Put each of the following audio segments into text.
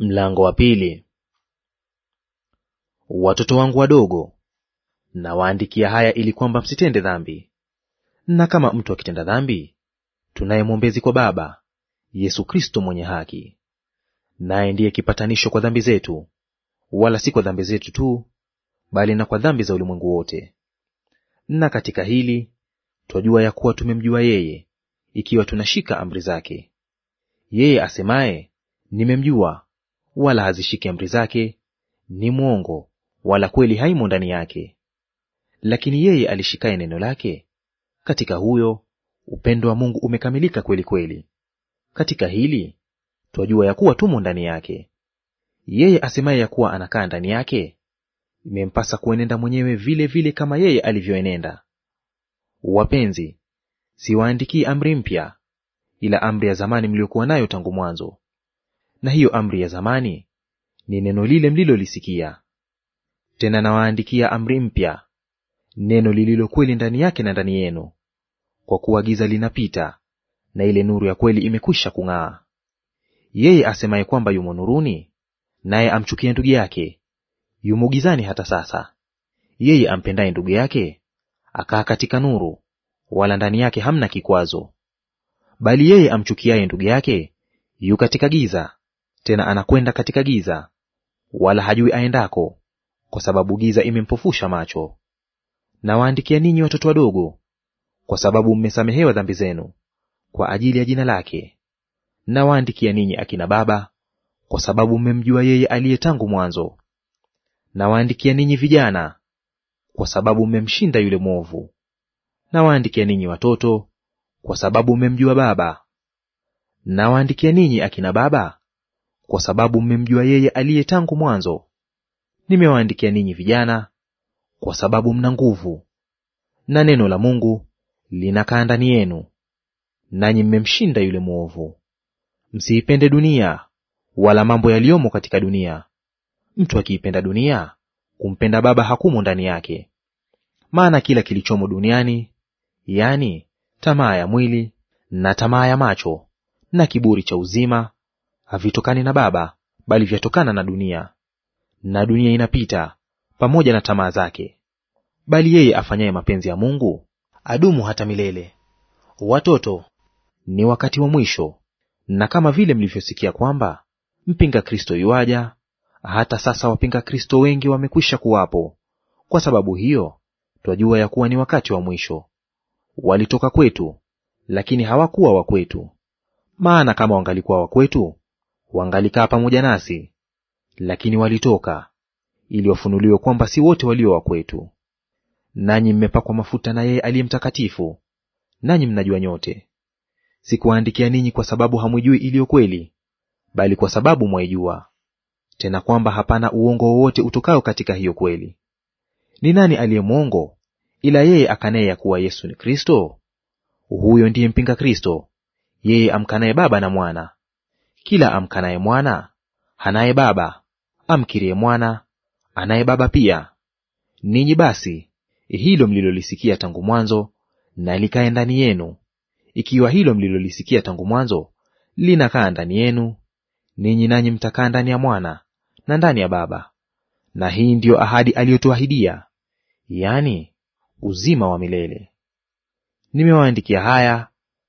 Mlango wa pili. Watoto wangu wadogo, nawaandikia haya ili kwamba msitende dhambi. Na kama mtu akitenda dhambi, tunaye mwombezi kwa Baba, Yesu Kristo mwenye haki. Naye ndiye kipatanisho kwa dhambi zetu, wala si kwa dhambi zetu tu, bali na kwa dhambi za ulimwengu wote. Na katika hili twajua ya kuwa tumemjua yeye, ikiwa tunashika amri zake. Yeye asemaye nimemjua wala hazishiki amri zake, ni mwongo, wala kweli haimo ndani yake. Lakini yeye alishikaye neno lake, katika huyo upendo wa Mungu umekamilika kweli kweli. Katika hili twajua ya kuwa tumo ndani yake. Yeye asemaye ya kuwa anakaa ndani yake, imempasa kuenenda mwenyewe vile vile kama yeye alivyoenenda. Wapenzi, siwaandikii amri mpya, ila amri ya zamani mliokuwa nayo tangu mwanzo na hiyo amri ya zamani ni neno lile mlilolisikia. Tena nawaandikia amri mpya, neno lililo kweli ndani yake na ndani yenu, kwa kuwa giza linapita na ile nuru ya kweli imekwisha kung'aa. Yeye asemaye kwamba yumo nuruni, naye amchukie ndugu yake, yumo gizani hata sasa. Yeye ampendaye ndugu yake akaa katika nuru, wala ndani yake hamna kikwazo. Bali yeye amchukiaye ndugu yake yu katika giza, tena anakwenda katika giza, wala hajui aendako, kwa sababu giza imempofusha macho. Nawaandikia ninyi watoto wadogo, kwa sababu mmesamehewa dhambi zenu kwa ajili ya jina lake. Nawaandikia ninyi akina baba, kwa sababu mmemjua yeye aliye tangu mwanzo. Nawaandikia ninyi vijana, kwa sababu mmemshinda yule mwovu. Nawaandikia ninyi watoto, kwa sababu mmemjua Baba. Nawaandikia ninyi akina baba, kwa sababu mmemjua yeye aliye tangu mwanzo. Nimewaandikia ninyi vijana, kwa sababu mna nguvu, na neno la Mungu linakaa ndani yenu, nanyi mmemshinda yule mwovu. Msiipende dunia wala mambo yaliyomo katika dunia. Mtu akiipenda dunia, kumpenda Baba hakumo ndani yake. Maana kila kilichomo duniani, yaani tamaa ya mwili na tamaa ya macho na kiburi cha uzima havitokani na Baba, bali vyatokana na dunia, na dunia inapita pamoja na tamaa zake, bali yeye afanyaye mapenzi ya Mungu adumu hata milele. Watoto, ni wakati wa mwisho. Na kama vile mlivyosikia kwamba mpinga Kristo yuaja, hata sasa wapinga Kristo wengi wamekwisha kuwapo. Kwa sababu hiyo twajua ya kuwa ni wakati wa mwisho. Walitoka kwetu, lakini hawakuwa wa kwetu. Maana kama wangalikuwa wa kwetu, wangalikaa pamoja nasi, lakini walitoka, ili wafunuliwe kwamba si wote walio wa kwetu. Nanyi mmepakwa mafuta na yeye aliye mtakatifu, nanyi mnajua nyote. Sikuwaandikia ninyi kwa sababu hamwijui iliyo kweli, bali kwa sababu mwaijua, tena kwamba hapana uongo wowote utokayo katika hiyo kweli. Ni nani aliye mwongo ila yeye akanaye ya kuwa Yesu ni Kristo? Huyo ndiye mpinga Kristo, yeye amkanaye Baba na Mwana. Kila amkanaye mwana hanaye baba, amkiriye mwana anaye baba pia. Ninyi basi, hilo mlilolisikia tangu mwanzo na likae ndani yenu. Ikiwa hilo mlilolisikia tangu mwanzo linakaa ndani yenu, ninyi nanyi mtakaa ndani ya mwana na ndani ya baba. Na hii ndiyo ahadi aliyotuahidia, yaani uzima wa milele. Nimewaandikia haya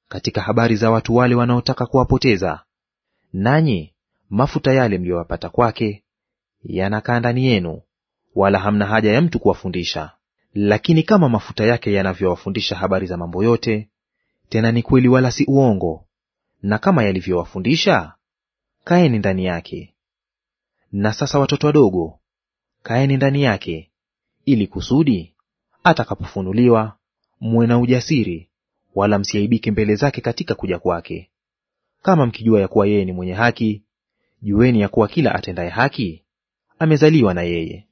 katika habari za watu wale wanaotaka kuwapoteza, nanyi mafuta yale mliyowapata kwake yanakaa ndani yenu, wala hamna haja ya mtu kuwafundisha. Lakini kama mafuta yake yanavyowafundisha habari za mambo yote, tena ni kweli wala si uongo, na kama yalivyowafundisha, kaeni ndani yake. Na sasa watoto wadogo, kaeni ndani yake, ili kusudi atakapofunuliwa muwe na ujasiri, wala msiaibike mbele zake katika kuja kwake. Kama mkijua ya kuwa yeye ni mwenye haki, jueni ya kuwa kila atendaye haki amezaliwa na yeye.